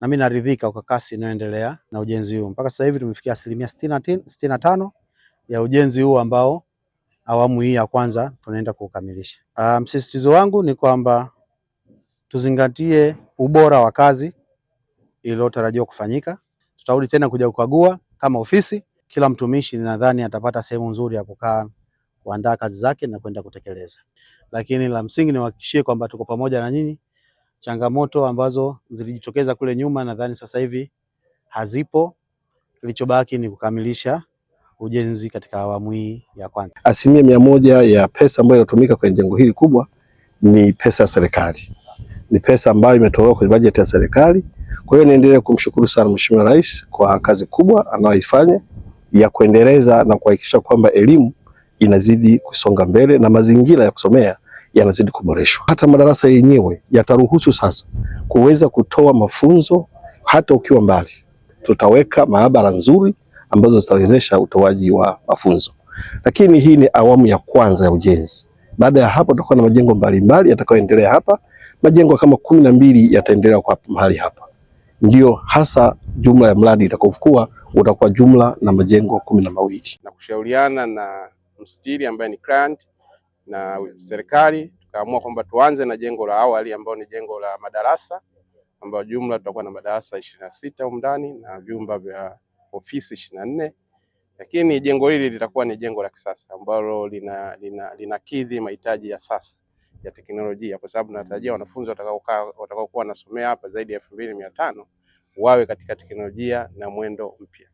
na mimi naridhika kwa kasi inayoendelea na ujenzi huu. Mpaka sasa hivi tumefikia asilimia sitini na tano ya ujenzi huu ambao awamu hii ya kwanza tunaenda kuukamilisha. Ah, msisitizo um, wangu ni kwamba tuzingatie ubora wa kazi iliyotarajiwa kufanyika. Tutarudi tena kuja kukagua kama ofisi. Kila mtumishi nadhani atapata sehemu nzuri ya kukaa kuandaa kazi zake na kwenda kutekeleza, lakini la msingi niwahakikishie kwamba tuko pamoja na nyinyi Changamoto ambazo zilijitokeza kule nyuma nadhani sasa hivi hazipo. Kilichobaki ni kukamilisha ujenzi katika awamu hii ya kwanza. Asilimia mia moja ya pesa ambayo inatumika kwenye jengo hili kubwa ni pesa ya serikali, ni pesa ambayo imetolewa kwenye bajeti ya serikali. Kwa hiyo niendelee kumshukuru sana Mheshimiwa Rais kwa kazi kubwa anayoifanya ya kuendeleza na kuhakikisha kwamba elimu inazidi kusonga mbele na mazingira ya kusomea yanazidi kuboreshwa. Hata madarasa yenyewe yataruhusu sasa kuweza kutoa mafunzo hata ukiwa mbali. Tutaweka maabara nzuri ambazo zitawezesha utoaji wa mafunzo, lakini hii ni awamu ya kwanza ya ujenzi. Baada ya hapo, tutakuwa na majengo mbalimbali yatakayoendelea hapa. Majengo kama kumi na mbili yataendelea kwa mahali hapa, ndio hasa jumla ya mradi itakaokuwa utakuwa jumla na majengo kumi na mawili na kushauriana na msitiri ambaye ni client na serikali tukaamua kwamba tuanze na jengo la awali ambalo ni jengo la madarasa ambayo jumla tutakuwa na madarasa ishirini na sita huko ndani na vyumba vya ofisi ishirini na nne lakini jengo hili litakuwa ni jengo la kisasa ambalo lina, lina, linakidhi mahitaji ya sasa ya teknolojia kwa sababu natarajia wanafunzi watakaokuwa wanasomea hapa zaidi ya elfu mbili mia tano wawe katika teknolojia na mwendo mpya.